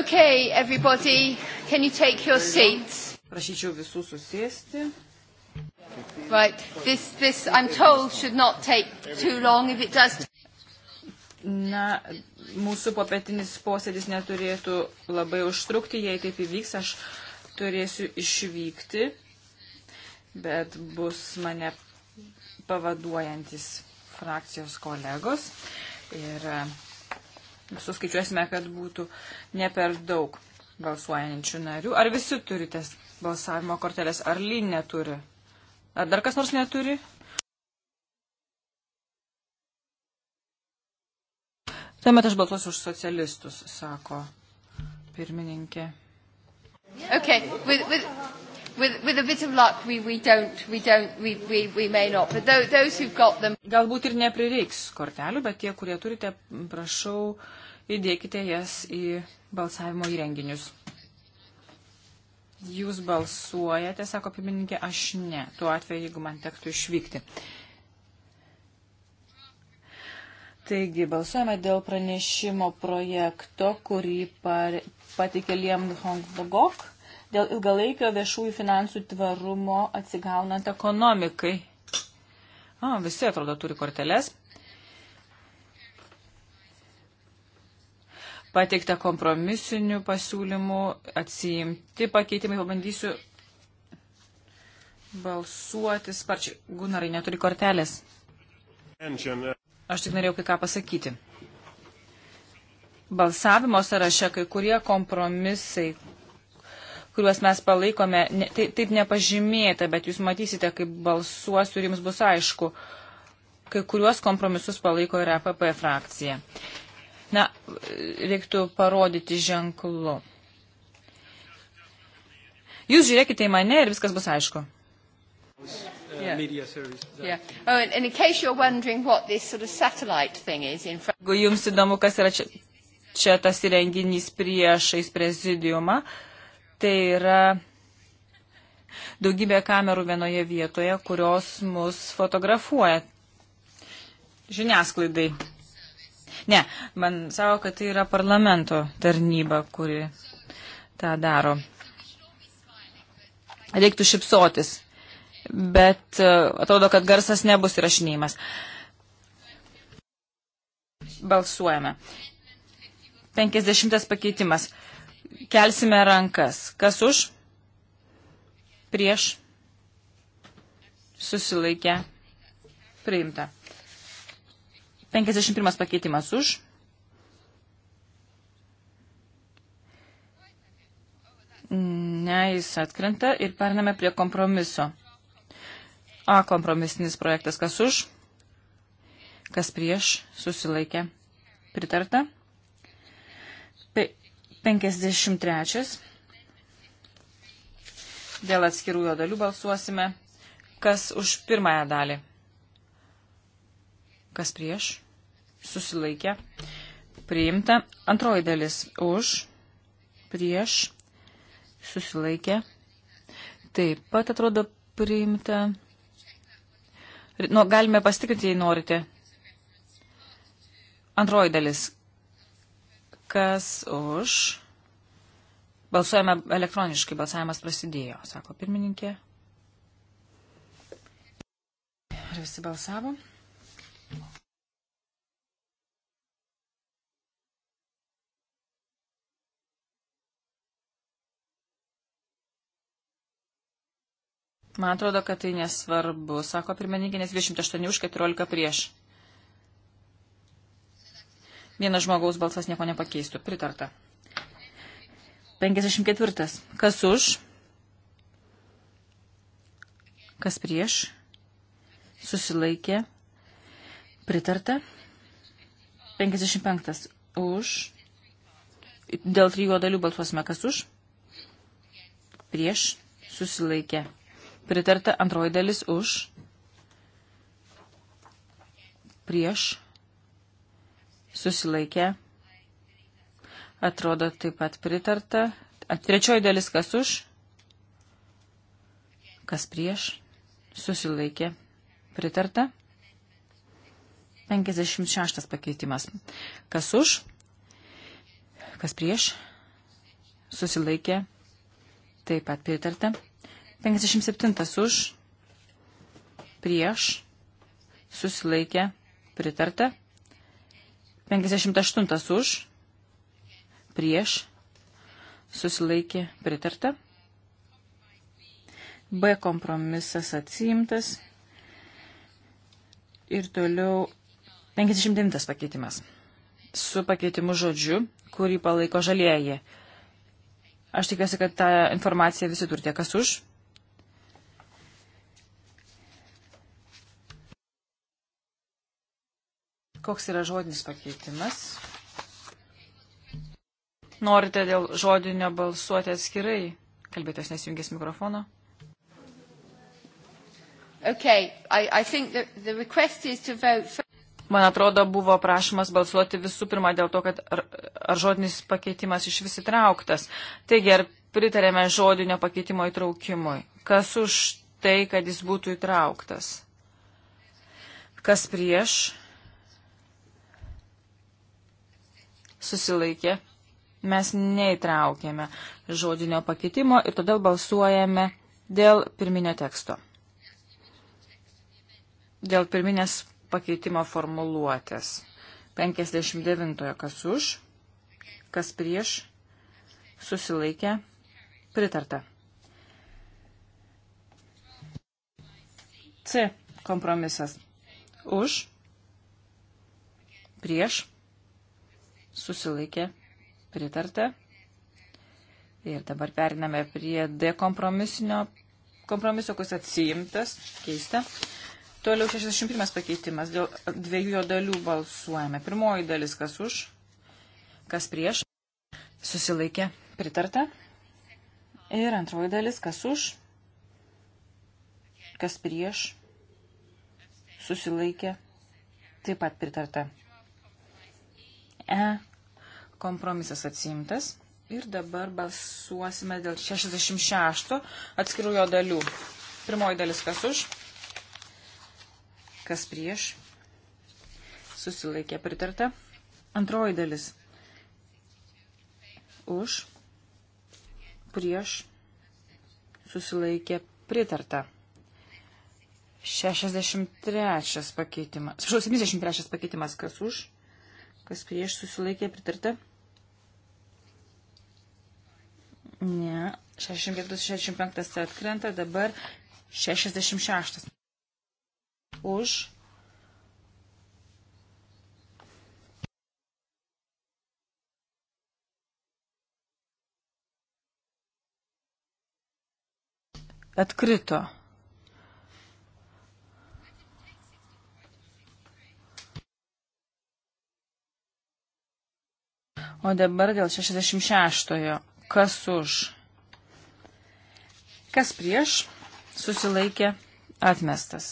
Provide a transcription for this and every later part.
Okay, everybody, can you take your seats? Prašyčiau visų susėsti. Right, this, this, I'm told, should not take too long if it does. Na, mūsų popetinis posėdis neturėtų labai užtrukti, jei taip įvyks, aš turėsiu išvykti, bet bus mane pavaduojantis frakcijos kolegos. Ir uh, suskaičiuosime, kad būtų ne per daug balsuojančių narių. Ar visi turite balsavimo kortelės? Ar Lin neturi? Ar dar kas nors neturi? Tuomet aš balsuosiu už socialistus, sako pirmininkė. Okay, with, with with, with a bit of luck, we, we don't, we don't, we, we, we may not, but those, those who've got them. Galbūt ir neprireiks kortelių, bet tie, kurie turite, prašau, įdėkite jas į balsavimo įrenginius. Jūs balsuojate, sako pirmininkė, aš ne, tuo atveju, jeigu man tektų išvykti. Taigi, balsuojame dėl pranešimo projekto, kurį patikė Liem Hong Bogok dėl ilgalaikio viešųjų finansų tvarumo atsigaunant ekonomikai. A, visi atrodo turi korteles. Pateikta kompromisinių pasiūlymų, atsiimti pakeitimai, pabandysiu balsuoti sparčiai. Gunarai neturi kortelės. Aš tik norėjau kai ką pasakyti balsavimo sąraše kai kurie kompromisai, kuriuos mes palaikome, ne, taip, taip nepažymėta, bet jūs matysite, kaip balsuosiu ir jums bus aišku, kai kuriuos kompromisus palaiko ir APP e frakcija. Na, reiktų parodyti ženklu. Jūs žiūrėkite į mane ir viskas bus aišku. Yeah. Yeah. Oh, sort of is, in... Jeigu jums įdomu, kas yra čia, čia tas įrenginys priešais prezidiumą, uh, Tai yra daugybė kamerų vienoje vietoje, kurios mus fotografuoja žiniasklaidai. Ne, man savo, kad tai yra parlamento tarnyba, kuri tą daro. Reiktų šipsotis, bet e, atrodo, kad garsas nebus įrašinėjimas. Balsuojame. 50 pakeitimas. Kelsime rankas. Kas už? Prieš? Susilaikę? Priimta. 51 pakeitimas už. Ne, jis atkrenta ir pername prie kompromiso. A kompromisinis projektas kas už, kas prieš, susilaikė, pritarta. P 53. Dėl atskirų jo dalių balsuosime. Kas už pirmąją dalį? Kas prieš? Susilaikė. Priimta. Antroji dalis už, prieš, susilaikė. Taip pat atrodo priimta. Nu, galime pastikrinti, jei norite. Antroji dalis. Kas už? Balsuojame elektroniškai, balsavimas prasidėjo, sako pirmininkė. Ar visi balsavo? Man atrodo, kad tai nesvarbu, sako pirmininkė, nes 28 už 14 prieš. Vienas žmogaus balsas nieko nepakeistų. Pritarta. 54. Kas už? Kas prieš? Susilaikė. Pritarta. 55. Už. Dėl trijų dalių balsuosime. Kas už? Prieš. Susilaikė. Pritarta antroji dalis už. Prieš susilaikė, atrodo taip pat pritarta. Trečioji dalis kas už, kas prieš, susilaikė, pritarta. 56 pakeitimas. Kas už, kas prieš, susilaikė, taip pat pritarta. 57 už, prieš, susilaikė, pritarta. 58 už, prieš, susilaikė pritarta. B kompromisas atsiimtas. Ir toliau 59 pakeitimas. Su pakeitimu žodžiu, kurį palaiko žalieji. Aš tikiuosi, kad tą informaciją visi turite. Kas už? Koks yra žodinis pakeitimas? Norite dėl žodinio balsuoti atskirai? Kalbėtos nesijungęs mikrofono. Okay, I, I think the, the request is to vote for... Man atrodo, buvo prašymas balsuoti visų pirma dėl to, kad ar, ar žodinis pakeitimas iš vis įtrauktas. Taigi, ar pritarėme žodinio pakeitimo įtraukimui? Kas už tai, kad jis būtų įtrauktas? Kas prieš? susilaikė, mes neįtraukėme žodinio pakeitimo ir todėl balsuojame dėl pirminio teksto. Dėl pirminės pakeitimo formuluotės. 59. Kas už, kas prieš, susilaikė, pritarta. C. Kompromisas. Už, prieš, susilaikė, pritarta. Ir dabar periname prie D kompromisinio, kompromiso, kuris atsiimtas, keista. Toliau 61 pakeitimas, dėl dviejų jo dalių balsuojame. Pirmoji dalis, kas už, kas prieš, susilaikė, pritarta. Ir antroji dalis, kas už, kas prieš, susilaikė, taip pat pritarta. E kompromisas atsimtas. Ir dabar balsuosime dėl 66 atskirų jo dalių. Pirmoji dalis kas už, kas prieš, susilaikė pritarta. Antroji dalis už, prieš, susilaikė pritarta. 63 pakeitimas. 73 pakeitimas kas už, Kas prieš susilaikė pritarta? Ne. 64-65 atkrenta, dabar 66. Už. Atkrito. O dabar dėl 66-ojo. Kas už? Kas prieš? Susilaikė atmestas.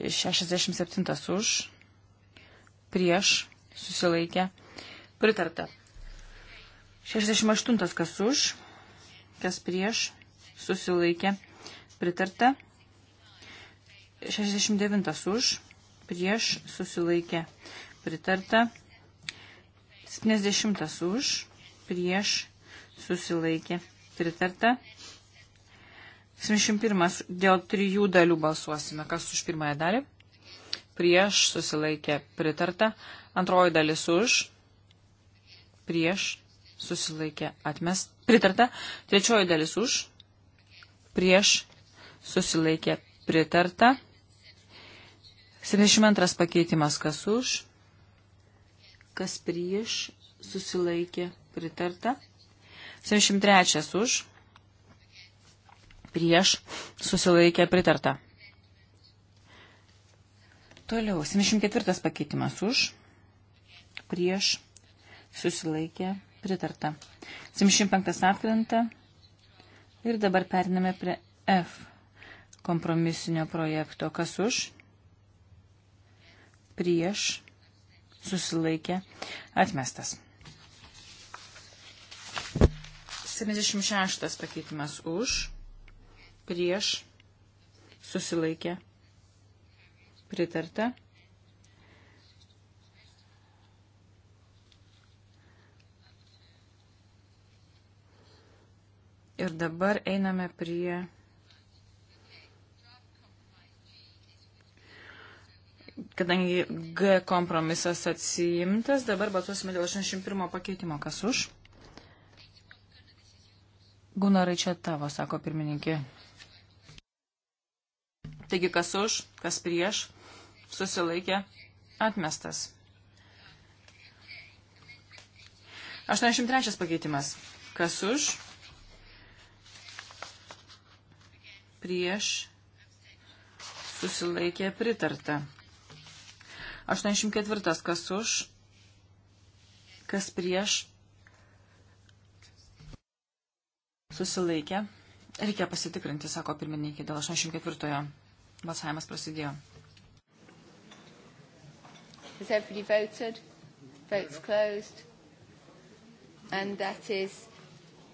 67 už. Prieš. Susilaikė. Pritarta. 68 kas už. Kas prieš. Susilaikė. Pritarta. 69 už. Prieš. Susilaikė. Pritarta. 70 už, prieš, susilaikė, pritarta. 71 dėl trijų dalių balsuosime. Kas už pirmąją dalį? Prieš, susilaikė, pritarta. Antroji dalis už, prieš, susilaikė, atmest, pritarta. Trečioji dalis už, prieš, susilaikė, pritarta. 72 pakeitimas kas už, kas prieš, susilaikė, pritarta. 73 už, prieš, susilaikė, pritarta. Toliau, 74 pakeitimas už, prieš, susilaikė, pritarta. 75 atkrenta ir dabar periname prie F kompromisinio projekto. Kas už? Prieš susilaikė, atmestas. 76 pakeitimas už, prieš, susilaikė, pritarta. Ir dabar einame prie Kadangi G kompromisas atsiimtas, dabar balsuosime dėl 81 pakeitimo. Kas už? Gunarai čia tavo, sako pirmininkė. Taigi kas už, kas prieš, susilaikė, atmestas. 83 pakeitimas. Kas už, prieš, susilaikė, pritarta. 84 kas už, kas prieš, susilaikė. Reikia pasitikrinti, sako pirmininkė, dėl 84-ojo. Balsavimas prasidėjo. Has everybody voted? Votes closed. And that is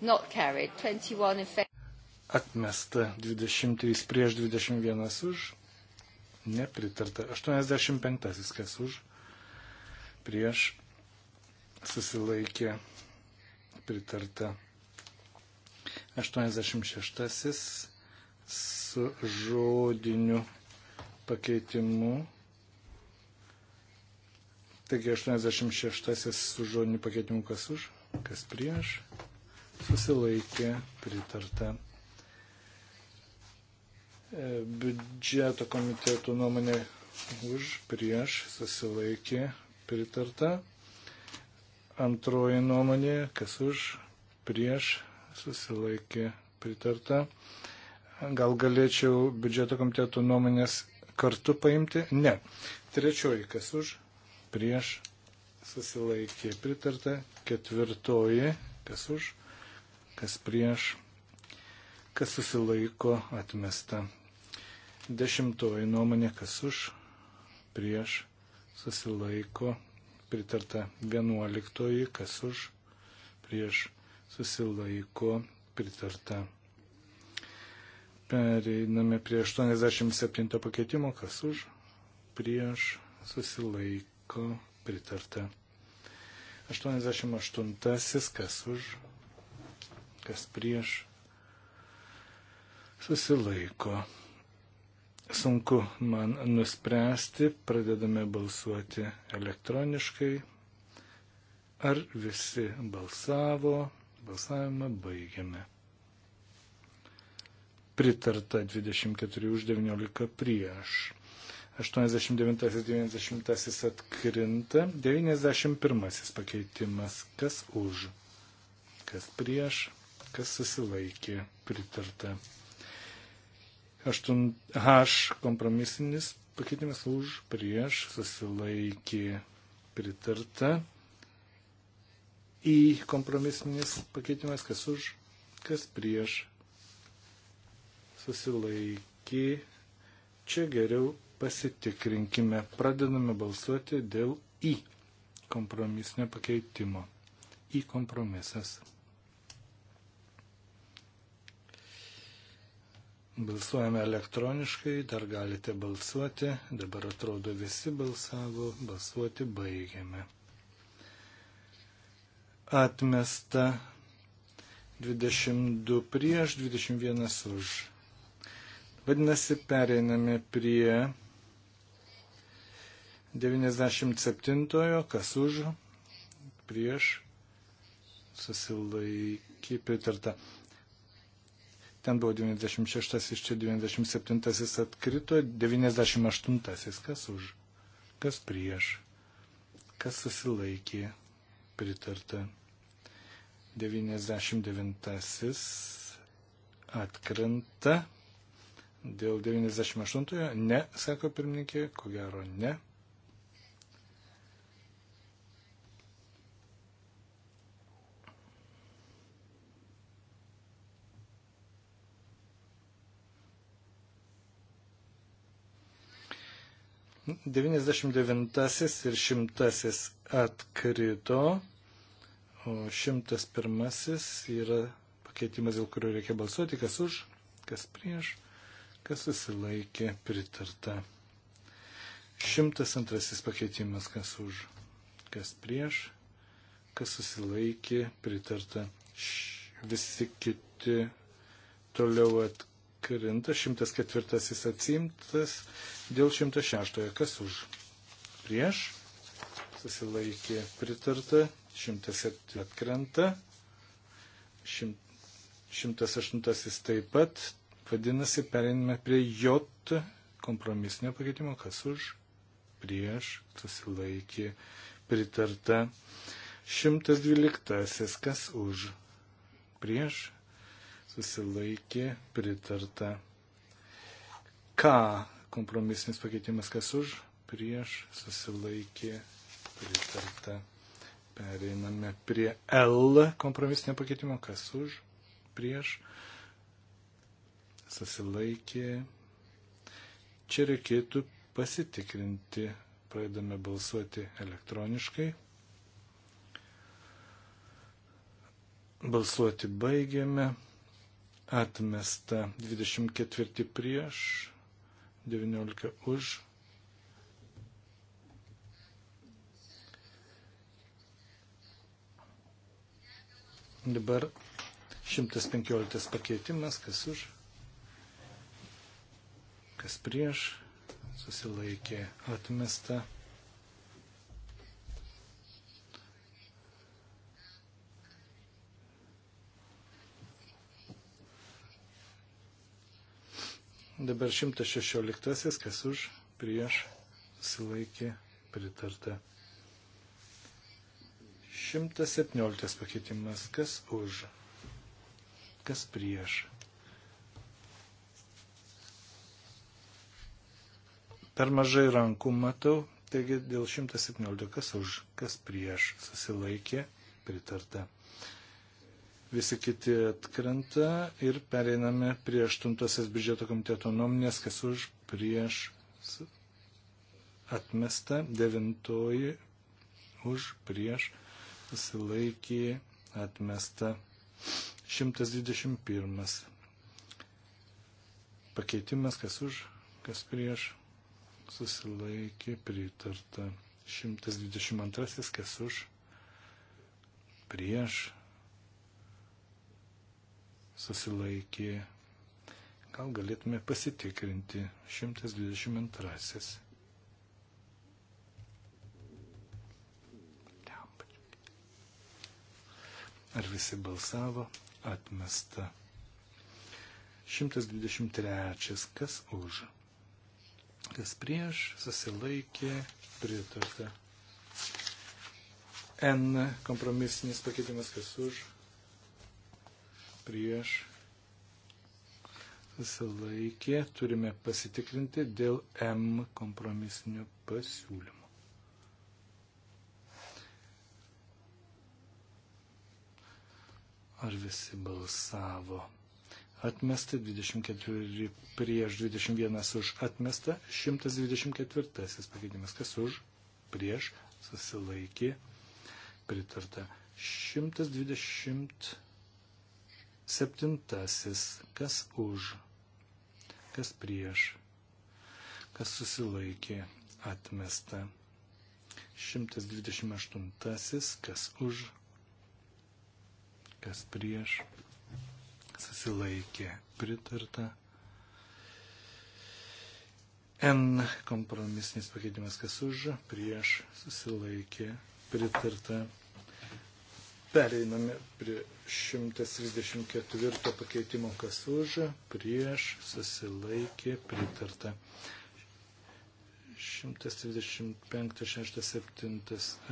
not carried. 21 in favor. Atmesta 23 prieš 21 už nepritarta. 85 kas už, prieš susilaikė pritarta. 86 su žodiniu pakeitimu. Taigi 86 su žodiniu pakeitimu kas už, kas prieš, susilaikė, pritarta. E, biudžeto komiteto nuomonė už, prieš, susilaikė, pritarta. Antroji nuomonė, kas už, prieš, susilaikė, pritarta. Gal galėčiau biudžeto komiteto nuomonės kartu paimti? Ne. Trečioji, kas už, prieš, susilaikė, pritarta. Ketvirtoji, kas už, kas prieš, kas susilaiko, atmesta. Dešimtoji nuomonė, kas už, prieš, susilaiko, pritarta. Vienuoliktoji, kas už, prieš, susilaiko, pritarta. Pereiname prie 87 pakeitimo, kas už, prieš, susilaiko, pritarta. 88, kas už, kas prieš, susilaiko, pritarta Sunku man nuspręsti, pradedame balsuoti elektroniškai. Ar visi balsavo? Balsavimą baigiame. Pritarta 24 už 19 prieš. 89-90 atkrinta, 91 pakeitimas, kas už, kas prieš, kas susilaikė, pritarta. H kompromisinis pakeitimas už prieš susilaikė pritarta. Į kompromisinis pakeitimas kas už, kas prieš susilaikė. Čia geriau pasitikrinkime. Pradedame balsuoti dėl į kompromisinio pakeitimo. Į kompromisas. Balsuojame elektroniškai, dar galite balsuoti. Dabar atrodo visi balsavo, balsuoti baigiame. Atmesta 22 prieš, 21 už. Vadinasi, pereiname prie 97-ojo, kas už, prieš, susilaikė pritarta. Ten buvo 96, čia 97 atkrito, 98 kas už, kas prieš, kas susilaikė, pritarta. 99 atkrenta. Dėl 98 ne, sako pirmininkė, ko gero ne. 99 ir 100 atkrito, o 101 yra pakeitimas, dėl kurio reikia balsuoti, kas už, kas prieš, kas susilaikė pritarta. 102 pakeitimas, kas už, kas prieš, kas susilaikė pritarta. Visi kiti toliau atkrito atkrinta, 104 atsimtas, dėl 106 kas už, prieš, susilaikė pritarta, 107 atkrenta, 108 taip pat, vadinasi, perinime prie J kompromisinio pakeitimo, kas už, prieš, susilaikė pritarta, 112 kas už, prieš, susilaikė, pritarta. K kompromisinis pakeitimas, kas už, prieš, susilaikė, pritarta. Pereiname prie L kompromisinio pakeitimo, kas už, prieš, susilaikė. Čia reikėtų pasitikrinti, pradedame balsuoti elektroniškai. Balsuoti baigiame atmesta 24 prieš, 19 už. Dabar 115 pakeitimas, kas už, kas prieš, susilaikė atmesta Dabar 116, kas už, prieš, susilaikė, pritarta. 117 pakeitimas, kas už, kas prieš. Per mažai rankų matau, taigi dėl 117 kas už, kas prieš, susilaikė, pritarta visi kiti atkrenta ir pereiname prie 8 biudžeto komiteto nuomonės, kas už prieš atmesta, 9 už prieš susilaikė atmesta 121. Pakeitimas, kas už, kas prieš susilaikė pritarta 122, kas už prieš susilaikė. Gal galėtume pasitikrinti 122. Ar visi balsavo? Atmesta. 123. Kas už? Kas prieš? Susilaikė. Pritarta. N kompromisinis pakeitimas. Kas už? prieš susilaikė, turime pasitikrinti dėl M kompromisinio pasiūlymo. Ar visi balsavo? Atmesta 24 prieš 21 už atmesta 124 pakeitimas. Kas už? Prieš susilaikė. Pritarta 120. Septintasis, kas už, kas prieš, kas susilaikė, atmesta. 128, kas už, kas prieš, susilaikė, pritarta. N kompromisinis pakeitimas, kas už, prieš, susilaikė, pritarta. Pereiname prie 134 pakeitimo, kas už, prieš, susilaikė, pritarta. 135, 6, 7,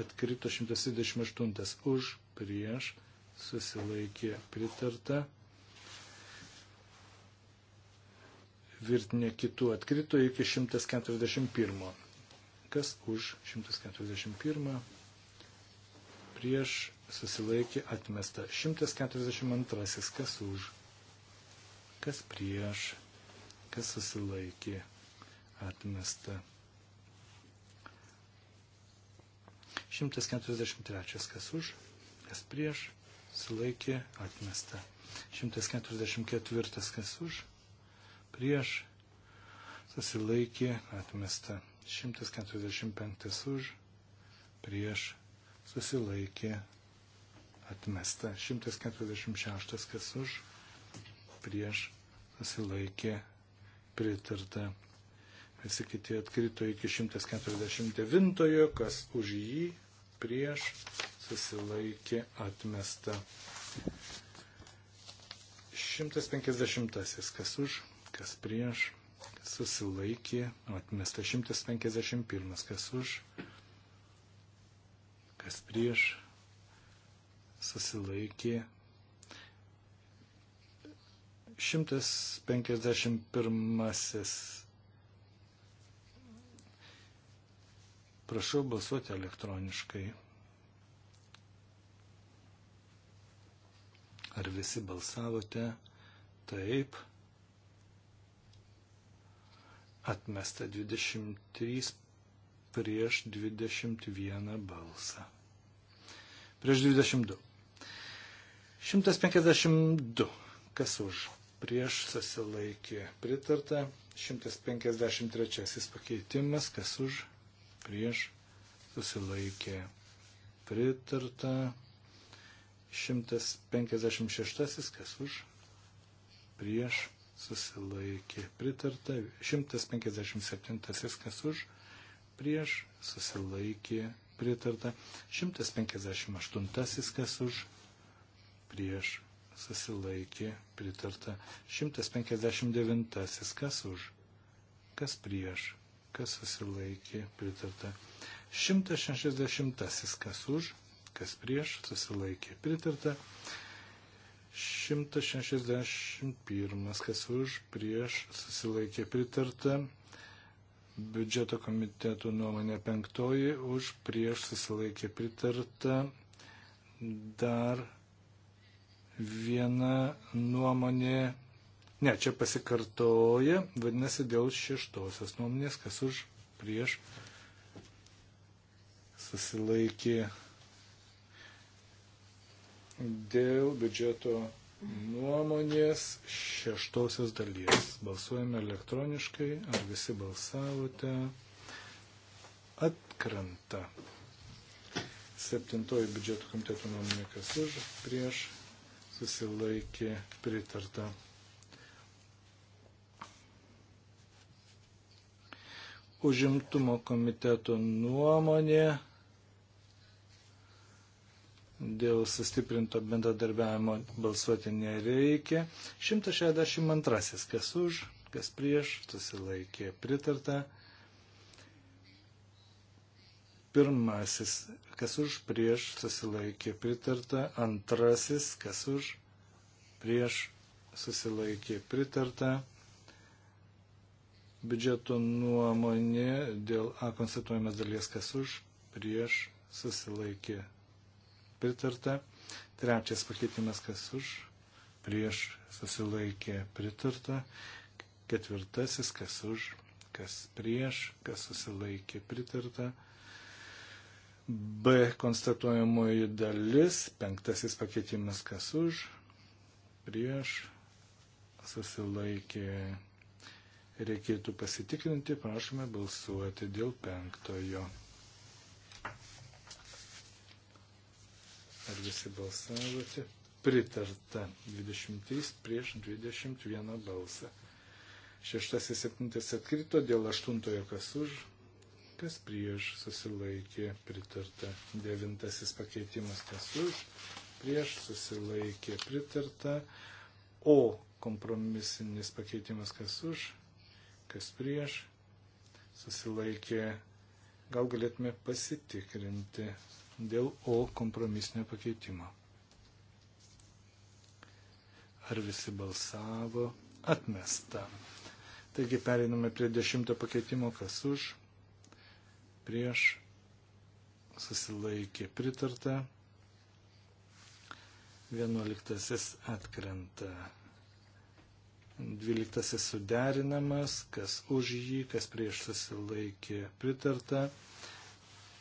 atkrito 128, už, prieš, susilaikė, pritarta. virtinė kitų atkrito iki 141. Kas už 141? Prieš susilaikė atmesta. 142. Kas už? Kas prieš? Kas susilaikė atmesta? 143. Kas už? Kas prieš? Sulaikė atmesta. 144. Kas už? Prieš? Susilaikė atmesta. 145. Už? Prieš? Susilaikė atmesta. 146 kas už, prieš susilaikė pritarta. Visi kiti atkrito iki 149, kas už jį, prieš susilaikė atmesta. 150, kas už, kas prieš, kas susilaikė, atmesta 151, kas už, kas prieš, susilaikė 151. Prašau balsuoti elektroniškai. Ar visi balsavote? Taip. Atmesta 23 prieš 21 balsą. Prieš 22. 152. Kas už? Prieš susilaikė pritarta. 153 pakeitimas. Kas už? Prieš susilaikė pritarta. 156. Kas už? Prieš susilaikė pritarta. 157. Kas už? Prieš susilaikė pritarta. 158. Kas už? prieš susilaikė pritarta 159. Kas už, kas prieš, kas susilaikė pritarta 160. Kas už, kas prieš susilaikė pritarta 161. Kas už, prieš susilaikė pritarta biudžeto komiteto nuomonė penktoji už prieš susilaikė pritarta dar viena nuomonė, ne, čia pasikartoja, vadinasi, dėl šeštosios nuomonės, kas už prieš susilaikė dėl biudžeto nuomonės šeštosios dalies. Balsuojame elektroniškai, ar visi balsavote. Atkranta. Septintoji biudžeto komiteto nuomonė, kas už prieš susilaikė pritarta. Užimtumo komiteto nuomonė dėl sustiprinto bendradarbiavimo balsuoti nereikia. 162. Kas už, kas prieš, susilaikė pritarta. Pirmasis, kas už prieš susilaikė pritarta. Antrasis, kas už prieš susilaikė pritarta. Biudžeto nuomonė dėl A konstatuojamas dalies, kas už prieš susilaikė pritarta. Trečias pakeitimas, kas už prieš susilaikė pritarta. Ketvirtasis, kas už, kas prieš, kas susilaikė pritarta. B konstatuojamoji dalis, penktasis pakeitimas kas už, prieš, susilaikė, reikėtų pasitikrinti, prašome balsuoti dėl penktojo. Ar visi balsavote? Pritarta 23 prieš 21 balsą. Šeštasis septintas atkrito dėl aštuntojo kas už, kas prieš susilaikė pritarta. Devintasis pakeitimas, kas už, prieš susilaikė pritarta. O kompromisinis pakeitimas, kas už, kas prieš susilaikė. Gal galėtume pasitikrinti dėl O kompromisinio pakeitimo. Ar visi balsavo? Atmesta. Taigi pereiname prie dešimto pakeitimo, kas už, prieš susilaikė pritarta, vienuoliktasis atkrenta, dvyliktasis suderinamas, kas už jį, kas prieš susilaikė pritarta,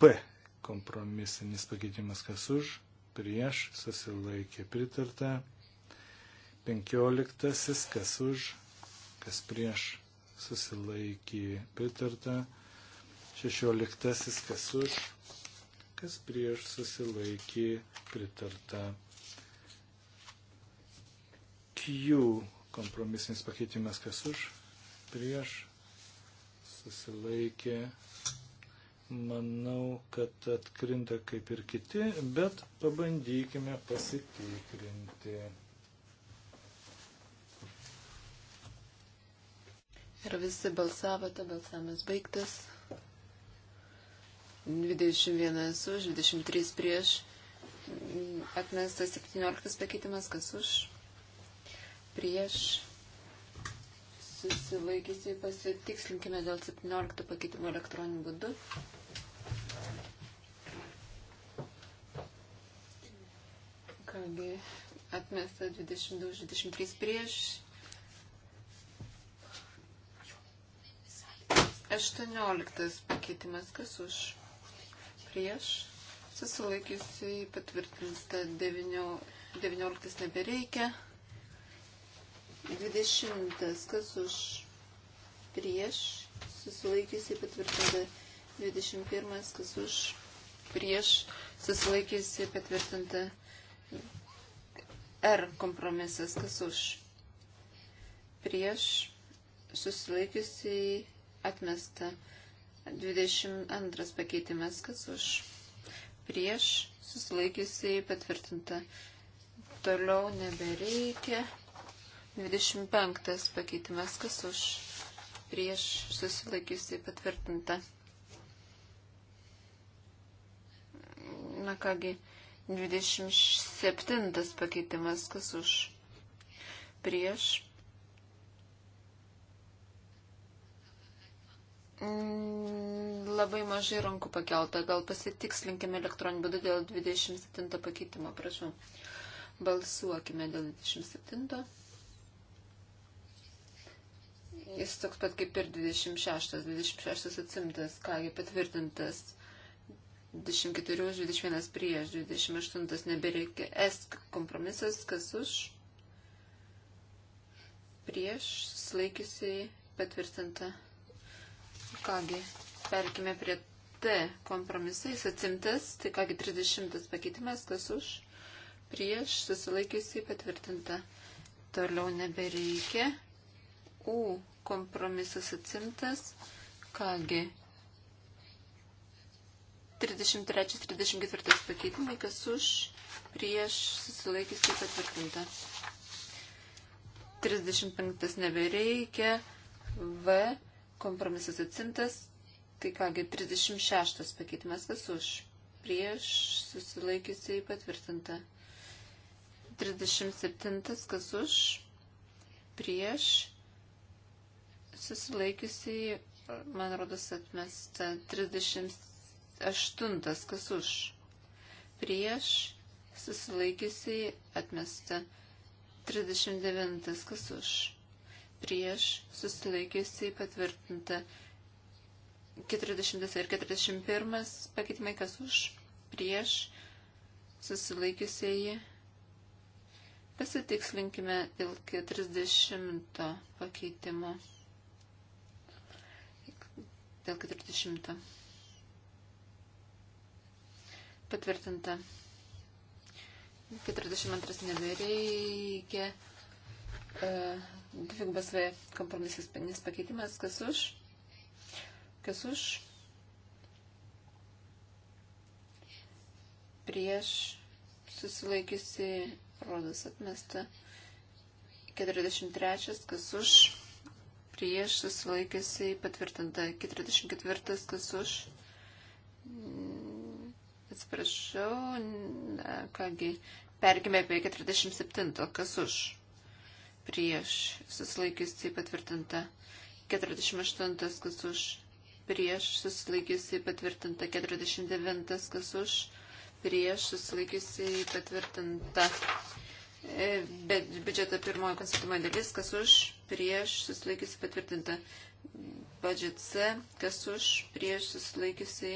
P kompromisinis pakeitimas, kas už, prieš susilaikė pritarta, penkioliktasis, kas už, kas prieš susilaikė pritarta, 15 Šešioliktasis kas už, kas prieš susilaikė pritarta. Q kompromisinis pakeitimas kas už, prieš susilaikė. Manau, kad atkrinta kaip ir kiti, bet pabandykime pasitikrinti. Ir visi balsavote, balsavimas baigtas. 21 už, 23 prieš, atmestas 17 pakeitimas, kas už, prieš, susilaikysiu, pasitikslinkime dėl 17 pakeitimo elektroniniu būdu. Kągi, atmesta 22, 23 prieš, 18 pakeitimas, kas už? prieš, susilaikiusiai patvirtinta 19 nebereikia, 20 kas už prieš, susilaikiusiai patvirtinta 21 kas už prieš, susilaikiusiai patvirtinta R kompromisas kas už prieš, susilaikiusiai atmesta 21 22 pakeitimas, kas už prieš susilaikiusiai patvirtinta. Toliau nebereikia. 25 pakeitimas, kas už prieš susilaikiusiai patvirtinta. Na kągi, 27 pakeitimas, kas už prieš Mm, labai mažai rankų pakelta. Gal pasitikslinkime elektroniniu būdu dėl 27 pakeitimo, prašau. Balsuokime dėl 27. Jis toks pat kaip ir 26. 26 atsimtas, kągi patvirtintas. 24 už 21 prieš 28 nebereikia. S kompromisas, kas už prieš slaikiusiai patvirtinta. Kągi, perkime prie T kompromisais atsimtas, tai kągi 30 pakeitimas, kas už, prieš, susilaikiusi patvirtinta. Toliau nebereikia. U kompromisas atsimtas, kągi 33-34 pakeitimai, kas už, prieš, susilaikiusi patvirtinta. 35 nebereikia. V Kompromisas atsimtas. Tai kągi, 36 pakeitimas kas už. Prieš susilaikiusiai patvirtinta. 37 kas už. Prieš susilaikiusiai, man rodos, atmesta. 38 kas už. Prieš susilaikiusiai atmesta. 39 kas už prieš susilaikiusi patvirtinta. 40 ir 41 pakeitimai kas už, prieš susilaikiusieji. Pasitikslinkime dėl 40 pakeitimo. Dėl 40. Patvirtinta. 42 nebereikia. Uh, dvigubas V kompromisinis pakeitimas, kas už, kas už, prieš susilaikiusi, rodas atmesta, 43, kas už, prieš susilaikiusi, patvirtinta, 44, kas už, atsiprašau, na, kągi, pergime apie 47, kas už prieš, susilaikiusi patvirtinta 48, kas už, prieš, susilaikiusi patvirtinta 49, kas už, prieš, susilaikiusi patvirtinta. E, Bet biudžeto pirmojo konstatumo dalis, kas už, prieš, susilaikiusi patvirtinta. Budget C, kas už, prieš, susilaikiusi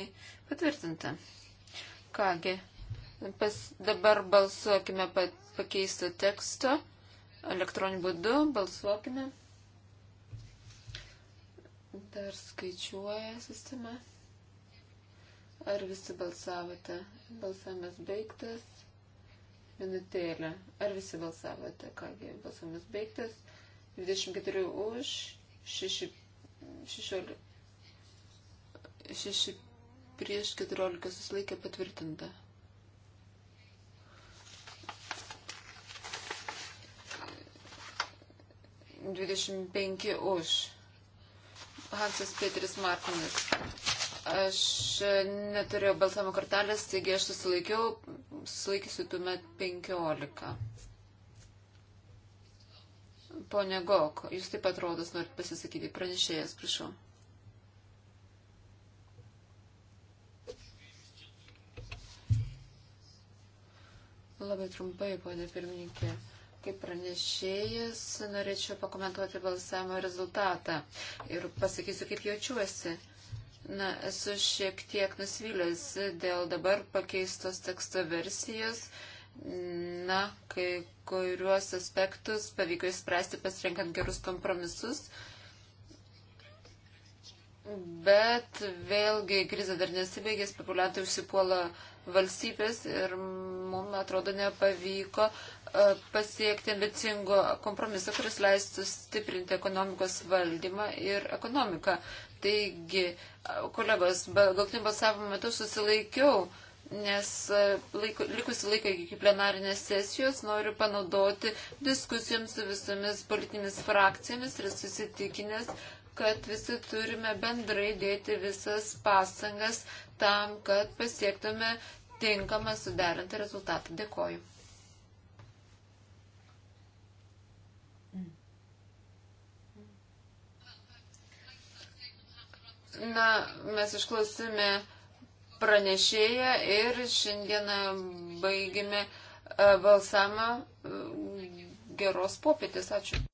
patvirtinta. Kągi, pas, dabar balsuokime pakeistų teksto elektroniniu būdu. Balsuokime. Dar skaičiuoja sistema. Ar visi balsavote? Balsavimas baigtas. Minutėlė. Ar visi balsavote? Kągi, balsavimas baigtas. 24 už, 6, 16, 6 prieš 14 susilaikė patvirtinta. 25 už. Hansas Petris Martinas. Aš neturėjau balsavimo kortelės, taigi aš susilaikiau, sulaikysiu tuomet 15. Pone Gok, jūs taip pat rodos norit pasisakyti. Pranešėjas, prašau. Labai trumpai, ponė pirmininkė. Kaip pranešėjas norėčiau pakomentuoti balsavimo rezultatą ir pasakysiu, kaip jaučiuosi. Na, esu šiek tiek nusivylęs dėl dabar pakeistos teksto versijos. Na, kai kuriuos aspektus pavyko įspręsti pasirinkant gerus kompromisus. Uh, Bet vėlgi krizė dar nesibaigė, spekuliantai užsipuola valstybės ir mums atrodo nepavyko e, pasiekti ambicingo kompromiso, kuris leistų stiprinti ekonomikos valdymą ir ekonomiką. Taigi, kolegos, galtinio balsavimo metu susilaikiau, nes e, laiko, likusi laiką iki plenarinės sesijos noriu panaudoti diskusijoms su visomis politinėmis frakcijomis ir susitikinęs, kad visi turime bendrai dėti visas pastangas tam, kad pasiektume tinkamą suderintą rezultatą. Dėkoju. Na, mes išklausime pranešėją ir šiandieną baigime e, balsamą e, geros popietės. Ačiū.